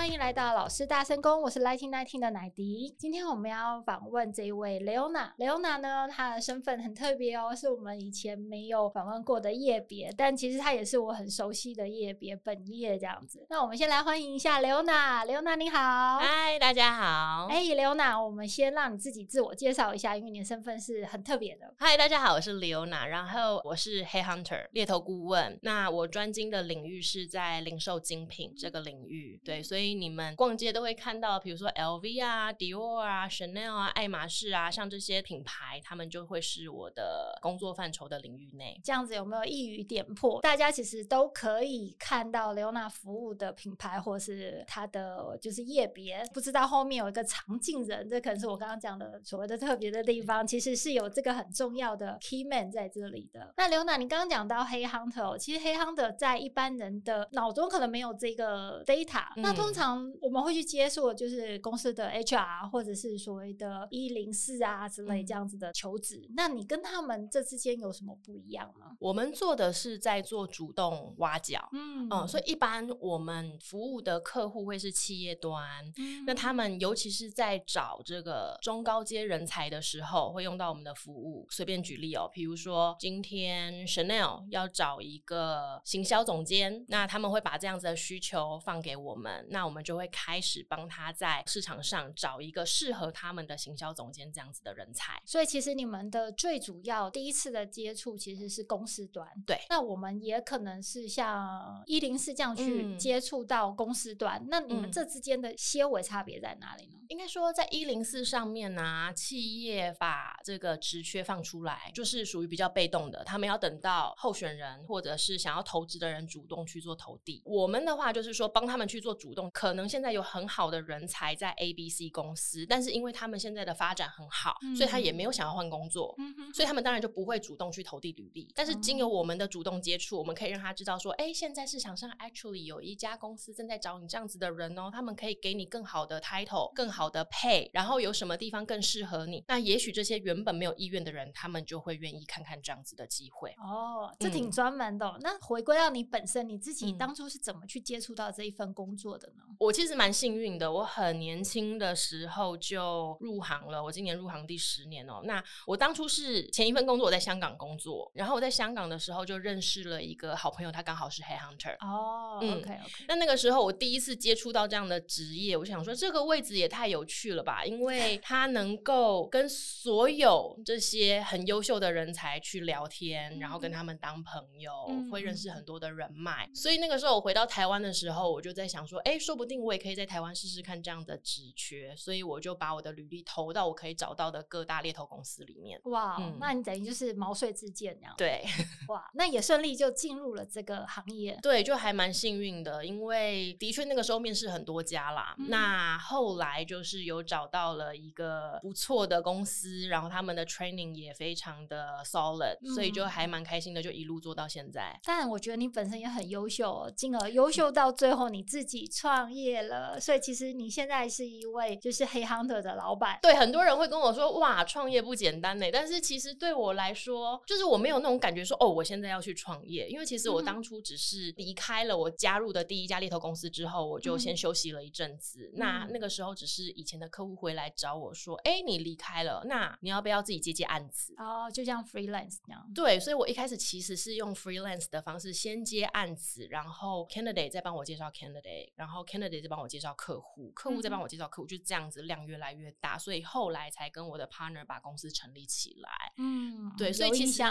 歡迎來到老師大聲公，我是 Lightning nineteen 的奶迪。今天我們要訪問這一位雷歐娜。雷歐娜呢，她的身份很特別哦，是我們以前沒有訪問過的業別，但其實她也是我很熟悉的業別本業這樣子。那我們先來歡迎一下 Leona。Leona。Leona，你好，嗨，大家好。哎，Leona，我們先讓你自己自我介紹一下，因為你的身份是很特別的。嗨，大家好，我是 Leona，然後我是 Head Hunter 獵頭顧問。那我專精的領域是在零售精品這個領域，對，所以，你們逛街都會看到，比如說 LV 啊、Dior 啊、Chanel 啊、愛馬仕啊，像這些品牌，他們就會是我的工作範疇的領域內。這樣子有沒有一語點破？大家其實都可以看到 Leona 服務的品牌，或是它的就是業別。不知道後面有一個長進人，這可能是我剛剛講的所謂的特別的地方、嗯，其實是有這個很重要的 key man 在這裡的。那 Leona，你剛剛講到黑、Hey、hunter，其實黑、Hey、hunter 在一般人的腦中可能沒有這個 data、嗯。那通常常我們會去接觸，就是公司的 HR 或者是所謂的“一零四”啊之類這樣子的求職、嗯。那你跟他們這之間有什麼不一樣嗎？我們做的是在做主動挖角，嗯，哦、嗯，所以一般我們服務的客戶會是企業端、嗯。那他們尤其是在找這個中高階人才的時候，會用到我們的服務。隨便舉例哦、喔，比如說今天 Chanel 要找一個行銷總監，那他們會把這樣子的需求放給我們。那我們就會開始幫他在市場上找一個適合他們的行銷總監這樣子的人才。所以其實你們的最主要第一次的接觸其實是公司端。對。那我們也可能是像一零四這樣去接觸到公司端、嗯。那你們這之間的些微差別在哪裡呢？應該說在一零四上面呢、啊，企業把這個職缺放出來，就是屬於比較被動的，他們要等到候選人或者是想要投資的人主動去做投遞。我們的話就是說幫他們去做主動。可能現在有很好的人才在 A、B、C 公司，但是因為他們現在的發展很好，嗯、所以他也沒有想要換工作、嗯哼，所以他們當然就不會主動去投遞履歷。但是經由我們的主動接觸，我們可以讓他知道說，哎、欸，現在市場上 actually 有一家公司正在找你這樣子的人哦、喔，他們可以給你更好的 title、更好的 pay，然後有什麼地方更適合你。那也許這些原本沒有意願的人，他們就會願意看看這樣子的機會。哦，這挺專門的、哦嗯。那回歸到你本身，你自己當初是怎麼去接觸到這一份工作的呢？我其實蠻幸運的，我很年輕的時候就入行了。我今年入行第十年哦。那我當初是前一份工作我在香港工作，然後我在香港的時候就認識了一個好朋友，他剛好是 Head Hunter 哦、oh, 嗯。OK OK。那那個時候我第一次接觸到這樣的職業，我就想說這個位置也太有趣了吧，因為他能夠跟所有這些很優秀的人才去聊天，然後跟他們當朋友，mm -hmm. 會認識很多的人脈。Mm -hmm. 所以那個時候我回到台灣的時候，我就在想說，哎，說不定我也可以在台灣試試看這樣的職缺，所以我就把我的履歷投到我可以找到的各大獵頭公司裡面。哇、wow, 嗯，那你等於就是毛遂自薦這樣。對，哇、 wow,，那也順利就進入了這個行業。對，就還蠻幸運的，因為的確那個時候面試很多家啦、嗯。那後來就是有找到了一個不錯的公司，然後他們的 training 也非常的 solid，、嗯、所以就還蠻開心的，就一路做到現在。但我覺得你本身也很優秀，進而優秀到最後你自己創。嗯業了，所以其實你現在是一位就是黑 hunter 的老闆。對，很多人會跟我說哇，創業不簡單呢。但是其實對我來說，就是我沒有那種感覺說哦，我現在要去創業。因為其實我當初只是離開了我加入的第一家獵頭公司之後，我就先休息了一陣子，嗯。那那個時候只是以前的客戶回來找我說，哎、嗯，欸，你離開了，那你要不要自己接接案子？哦、oh, 就像 freelance 那樣。對，所以我一開始其實是用 freelance 的方式先接案子，然後 candidate 再幫我介紹 candidate，然後。Candidate 在幫我介紹客戶，客戶在幫我介紹客戶，嗯，就這樣子量越來越大，所以後來才跟我的 partner 把公司成立起來。嗯，啊、對，所以其實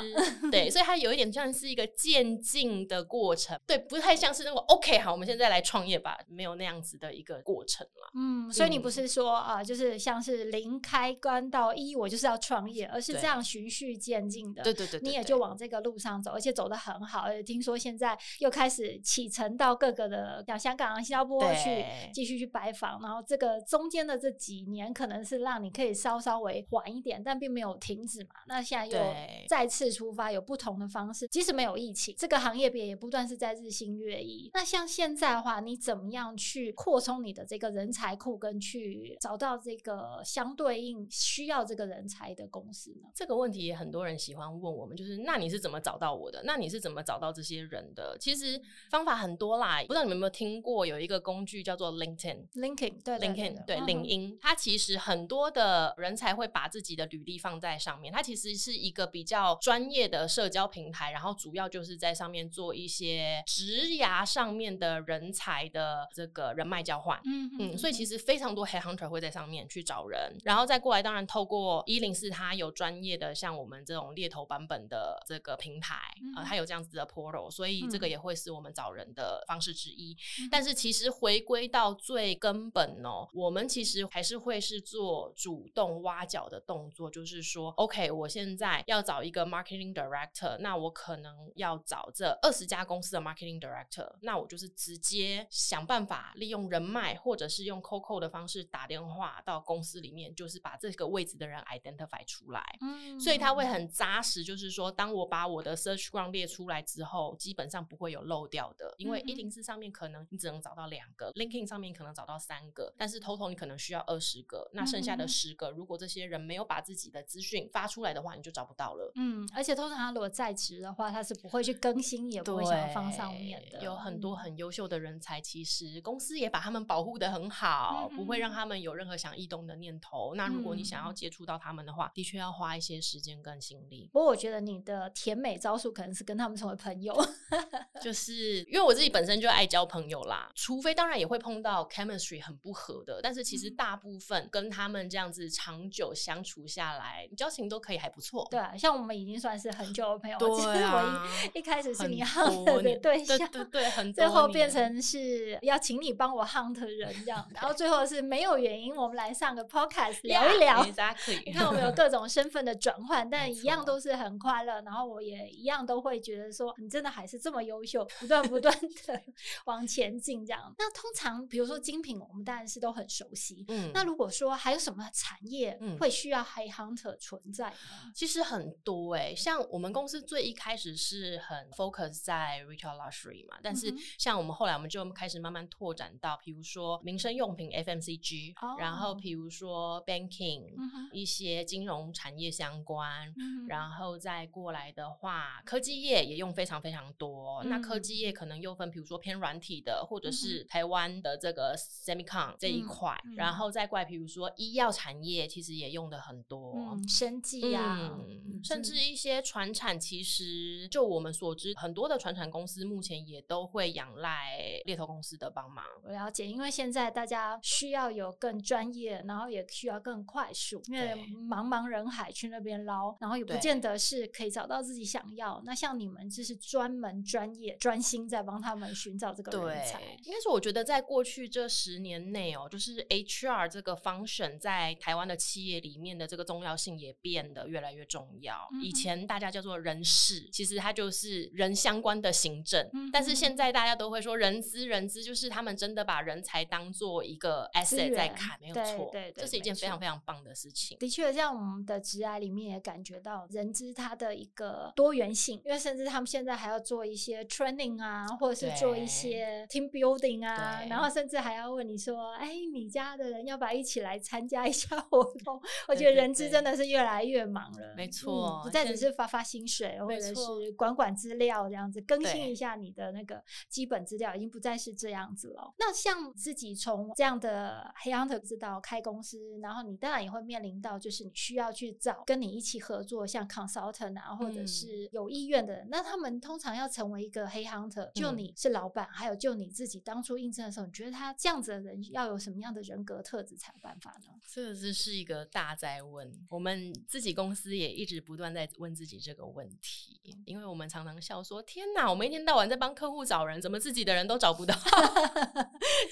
對，所以它有一點像是一個漸進的過程，對，不太像是那個、嗯、OK，好，我們現在來創業吧，沒有那樣子的一個過程了。嗯，所以你不是說啊、嗯呃，就是像是零開關到一，我就是要創業，而是這樣循序漸進的。對對對，你也就往這個路上走，而且走得很好，而且聽說現在又開始啟程到各個的像香港啊、新加坡、啊。去繼續去拜訪，然後這個中間的這幾年可能是讓你可以稍稍微緩一點，但並沒有停止嘛。那現在又再次出發，有不同的方式。即使沒有疫情，這個行業別也不斷是在日新月異。那像現在的話，你怎麼樣去擴充你的這個人才庫，跟去找到這個相對應需要這個人才的公司呢？這個問題也很多人喜歡問我們，就是那你是怎麼找到我的？那你是怎麼找到這些人的？其實方法很多啦，不知道你們有沒有聽過有一個公司工具叫做 LinkedIn，LinkedIn 對 LinkedIn 對領、哦、英，它其實很多的人才會把自己的履歷放在上面。它其實是一個比較專業的社交平台，然後主要就是在上面做一些職涯上面的人才的這個人脈交換。嗯嗯，嗯，所以其實非常多 Head Hunter 會在上面去找人，然後再過來。當然，透過一零四，它有專業的像我們這種獵頭版本的這個平台、嗯，呃，它有這樣子的 Portal，所以這個也會是我們找人的方式之一。嗯、但是其實回回歸到最根本哦，我們其實還是會是做主動挖角的動作，就是說，OK，我現在要找一個 marketing director，那我可能要找這二十家公司的 marketing director，那我就是直接想辦法利用人脈，或者是用 cold call 的方式打電話到公司裡面，就是把這個位置的人 identify 出來。Mm -hmm. 所以他會很扎實，就是說，當我把我的 search ground 列出來之後，基本上不會有漏掉的，因為一零四上面可能你只能找到兩個。LinkedIn 上面可能找到三個，但是 total 你可能需要二十個，那剩下的十個，如果這些人沒有把自己的資訊發出來的話，你就找不到了。嗯，而且通常他如果在職的話，他是不會去更新，嗯、也不會想要放上面的。有很多很優秀的人才，其實公司也把他們保護得很好。嗯嗯，不會讓他們有任何想異動的念頭。那如果你想要接觸到他們的話，的確要花一些時間跟心力。不過我覺得你的甜美招數可能是跟他們成為朋友， 就是因為我自己本身就愛交朋友啦，除非當。那也會碰到 chemistry 很不合的，但是其實大部分跟他們這樣子長久相處下來，交情都可以還不錯。對啊，像我們已經算是很久的朋友了。對啊。其實我一一開始是你 hunt 的對象，很多年，對對對，很多年，最後變成是要請你幫我 hunt 人這樣，然後最後是沒有原因。我們來上個 podcast 聊一聊 Yeah, exactly。你看我們有各種身份的轉換， 但一樣都是很快樂。然後我也一樣都會覺得說，你真的還是這麼優秀，不斷不斷的往前進這樣。那通常比如說精品，我們當然是都很熟悉。嗯，那如果說還有什麼產業會需要 Head Hunter 存在，其實很多哎、欸。像我們公司最一開始是很 focus 在 Retail Luxury 嘛，但是像我們後來我們就開始慢慢拓展到，比如說民生用品 FMCG，、哦、然後比如說 Banking、嗯、一些金融產業相關、嗯，然後再過來的話，科技業也用非常非常多。嗯、那科技業可能又分，比如說偏軟體的，或者是還有。灣的這個 semicon 這一塊、嗯嗯，然後再怪，比如說醫藥產業，其實也用的很多，嗯、生技呀、啊。嗯甚至一些傳產，其實就我們所知，很多的傳產公司目前也都會仰賴獵頭公司的幫忙。我了解，因為現在大家需要有更專業，然後也需要更快速，因為茫茫人海去那邊撈，然後也不見得是可以找到自己想要。那像你們就是專門、專業、專心在幫他們尋找這個人才。應該是我覺得，在過去這十年內哦，就是 HR 這個 function 在台灣的企業裡面的這個重要性也變得越來越重要。以前大家叫做人事，嗯嗯，其實它就是人相關的行政。嗯嗯，但是現在大家都會說人資，人資就是他們真的把人才當做一個 asset 在看，沒有錯。對對對，這是一件非常非常棒的事情。對對對，的確，像我們的職涯裡面也感覺到人資他的一個多元性，因為甚至他們現在還要做一些 training 啊，或者是做一些 team building 啊，然後甚至還要問你說：“哎、欸，你家的人要不要一起來參加一下活動？” 對對對對對，我覺得人資真的是越來越忙了，沒錯。嗯、不再只是發發薪水，或者是管管資料這樣子，更新一下你的那個基本資料，已經不再是這樣子了。那像自己從這樣的 headhunter 直到開公司，然後你當然也會面臨到，就是你需要去找跟你一起合作，像 consultant 啊，或者是有意願的人，嗯。那他們通常要成為一個 headhunter，就你是老闆，嗯，還有就你自己當初應徵的時候，你覺得他這樣子的人要有什麼樣的人格特質才有辦法呢？這個是一個大哉問。我們自己公司也一直，不斷在問自己這個問題，因為我們常常笑說：“天哪，我們一天到晚在幫客戶找人，怎麼自己的人都找不到？”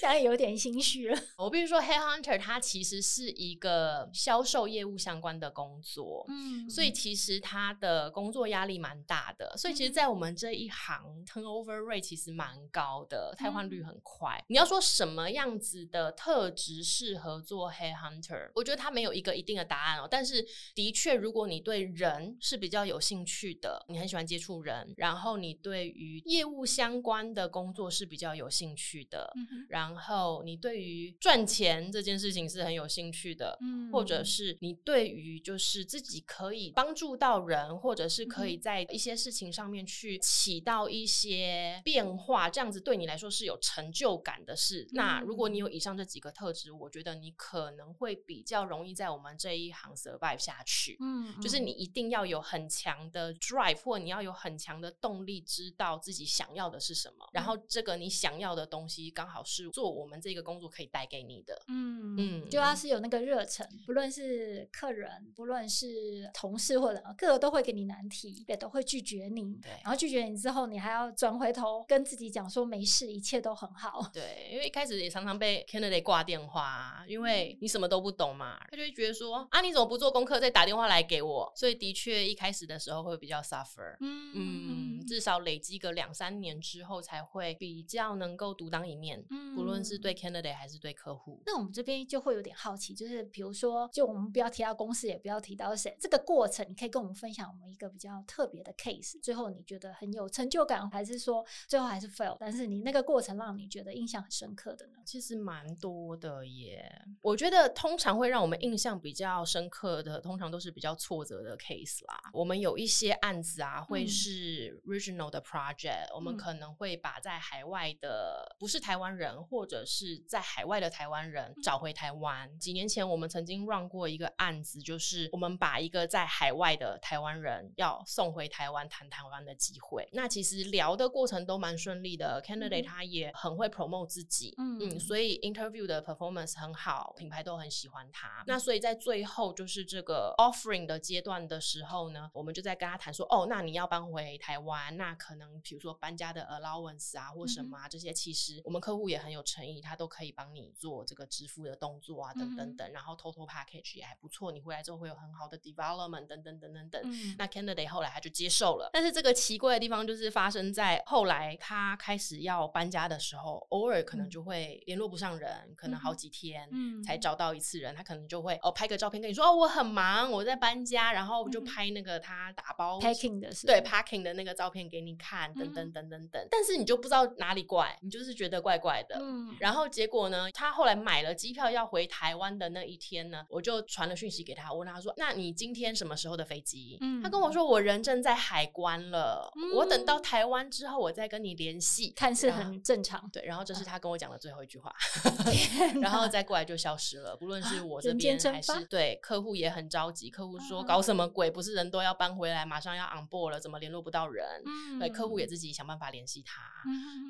現 在有點心虛了。我必須說 headhunter，它其實是一個銷售業務相關的工作，嗯，所以其實他的工作壓力蠻大的。所以，其實，在我們這一行、嗯、turnover rate 其實蠻高的，汰換率很快、嗯。你要說什麼樣子的特質適合做 headhunter？我覺得他沒有一個一定的答案哦。但是，的確，如果你對人人是比較有興趣的，你很喜歡接觸人，然後你對於業務相關的工作是比較有興趣的，嗯，然後你對於賺錢這件事情是很有興趣的，嗯，或者是你對於就是自己可以幫助到人，或者是可以在一些事情上面去起到一些變化，嗯，這樣子對你來說是有成就感的事。嗯，那如果你有以上這幾個特質，我覺得你可能會比較容易在我們這一行 survive 下去，嗯，就是你一定。一定要有很強的 drive，或你要有很強的動力，知道自己想要的是什麼。嗯、然後這個你想要的東西，剛好是做我們這個工作可以帶給你的。嗯嗯，就要是有那個熱忱，不論是客人，不論是同事或者各個都會給你難題，也都會拒絕你。對，然後拒絕你之後，你還要轉回頭跟自己講說沒事，一切都很好。對，因為一開始也常常被 candidate 掛電話，因為你什麼都不懂嘛，他就會覺得說啊你怎麼不做功課再打電話來給我？所以第的確，一開始的時候會比較 suffer，嗯，嗯，至少累積個兩三年之後，才會比較能夠獨當一面。嗯，不論是對 candidate 還是對客戶，那我們這邊就會有點好奇，就是比如說，就我們不要提到公司，也不要提到誰，這個過程，你可以跟我們分享我們一個比較特別的 case，最後你覺得很有成就感，還是說最後還是 fail，但是你那個過程讓你覺得印象很深刻的呢？其實蠻多的耶，我覺得通常會讓我們印象比較深刻的，通常都是比較挫折的 case。意思啦，我們有一些案子啊，會是 regional 的 project，、嗯、我們可能會把在海外的不是台灣人，或者是在海外的台灣人找回台灣。幾年前我們曾經 run 過一個案子，就是我們把一個在海外的台灣人要送回台灣談台灣的機會。那其實聊的過程都蠻順利的、嗯、，candidate 他也很會 promote 自己嗯，嗯，所以 interview 的 performance 很好，品牌都很喜歡他。那所以在最後就是這個 offering 的階段的。的時候呢，我們就在跟他談說，哦，那你要搬回台灣，那可能比如說搬家的 allowance 啊，或什麼啊，嗯、這些，其實我們客戶也很有誠意，他都可以幫你做這個支付的動作啊，等等等，然後 total package 也還不錯，你回來之後會有很好的 development 等等等等等。嗯、那 candidate 後來他就接受了，但是這個奇怪的地方就是發生在後來他開始要搬家的時候，偶爾可能就會聯絡不上人、嗯，可能好幾天才找到一次人，他可能就會哦拍個照片跟你說，哦，我很忙，我在搬家，然後。就拍那個他打包 packing 對是的對 packing 的那個照片給你看，等等等等等、嗯，但是你就不知道哪裡怪，你就是覺得怪怪的。嗯、然後結果呢，他後來買了機票要回台灣的那一天呢，我就傳了訊息給他，我問他說：“那你今天什麼時候的飛機？”嗯，他跟我說、嗯：“我人正在海關了，嗯、我等到台灣之後，我再跟你聯繫。”看似很正常、啊，對。然後這是他跟我講的最後一句話、呃， 然後再過來就消失了。不論是我這邊還是對，客戶也很着急，客戶說：“搞什麼鬼？”嗯鬼不是人都要搬回來，馬上要昂 n 了，怎麼聯絡不到人？對，客戶也自己想辦法聯繫他。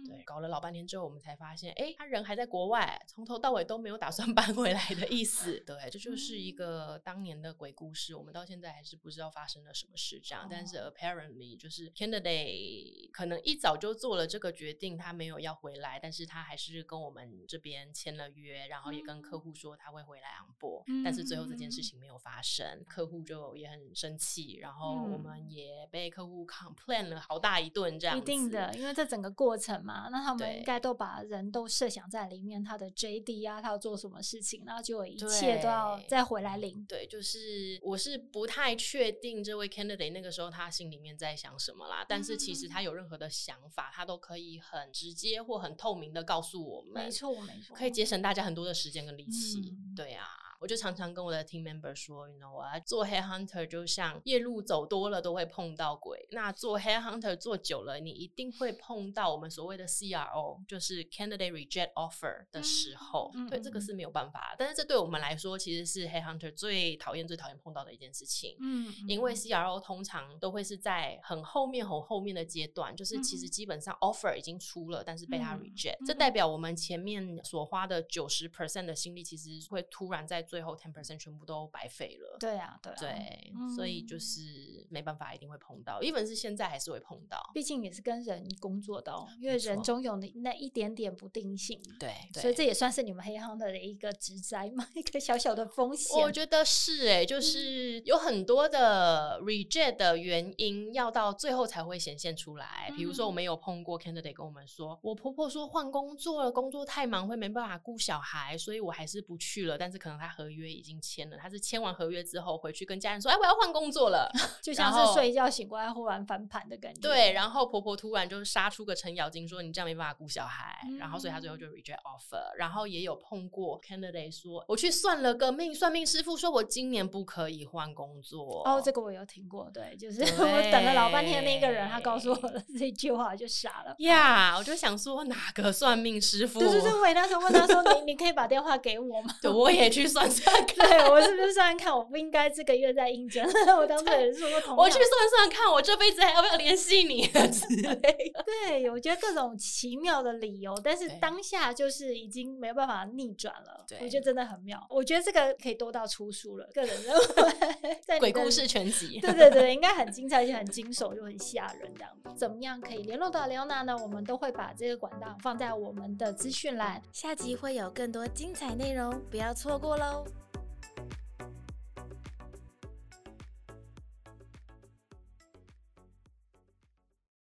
對，搞了老半天之後，我們才發現，哎、欸，他人還在國外，從頭到尾都沒有打算搬回來的意思。對，這就是一個當年的鬼故事，我們到現在還是不知道發生了什麼事。這樣、嗯，但是 apparently 就是 candidate 可能一早就做了這個決定，他沒有要回來，但是他還是跟我們這邊簽了約，然後也跟客戶說他會回來昂 n、嗯、但是最後這件事情沒有發生，客戶就也很生氣，然後我們也被客戶 complain 了好大一頓，這樣子一定的，因為這整個過程嘛，那他們應該都把人都設想在裡面，他的 JD 啊，他要做什麼事情，然後就一切都要再回來領對。對，就是我是不太確定這位 candidate 那個時候他心裡面在想什麼啦，但是其實他有任何的想法，他都可以很直接或很透明的告訴我們，沒錯沒錯，可以節省大家很多的時間跟力氣。嗯、對啊，我就常常跟我的 team member 說，you know，我要做 head hunter 就是像夜路走多了都會碰到鬼，那做 headhunter 做久了，你一定會碰到我們所謂的 CRO，就是 candidate reject offer 的時候，嗯、對、嗯，這個是沒有辦法。但是這對我們來說，其實是 headhunter 最討厭、最討厭碰到的一件事情。嗯，因為 CRO 通常都會是在很後面、很後面的階段，就是其實基本上 offer 已經出了，但是被他 reject，嗯嗯、這代表我們前面所花的九十 percent 的心力，其實會突然在最後 ten percent 全部都白費了。對啊，對啊，對，嗯。所以就是沒辦法，一定會碰到，even 是現在還是會碰到，畢竟也是跟人工作的，因為人總有那那一點點不定性，對，對，所以這也算是你們 headhunter 的一個職災嘛，一個小小的風險。我覺得是、欸，哎，就是有很多的 reject 的原因，要到最後才會顯現出來。嗯、比如說，我們有碰過 candidate，跟我們說，嗯、我婆婆說換工作了，工作太忙，會沒辦法顧小孩，所以我還是不去了。但是可能他合約已經簽了，他是簽完合約之後回去跟家人說，哎、欸，我要換，工作了， 就像是睡一覺醒過來忽然翻盤的感覺。 對，然後婆婆突然就殺出個程咬金，說你這樣沒辦法顧小孩。嗯、然後，所以他最後就 reject offer。然後也有碰過 candidate，說我去算了個命，算命師傅說我今年不可以換工作。哦，這個我有聽過。對，就是我等了老半天的那個人，他告訴我的這句話就傻了。呀、yeah, 嗯，我就想說哪個算命師傅？對對對，我那時候問他說你：“ 你你可以把電話給我嗎？”對，我也去算算看， 對我是不是算看我不應該這個月在應徵。 我當時說說同我去算算看，我這輩子還要不要聯繫你之 對，我覺得各種奇妙的理由，但是當下就是已經沒有辦法逆轉了。我覺得真的很妙。我覺得這個可以多到出書了，個人認為， 在鬼故事全集。 對對對，應該很精彩，而且很驚悚又很嚇人這樣子。怎麼樣可以聯絡到 Leona 呢？我們都會把這個管道放在我們的資訊欄。下集會有更多精彩內容，不要錯過嘍。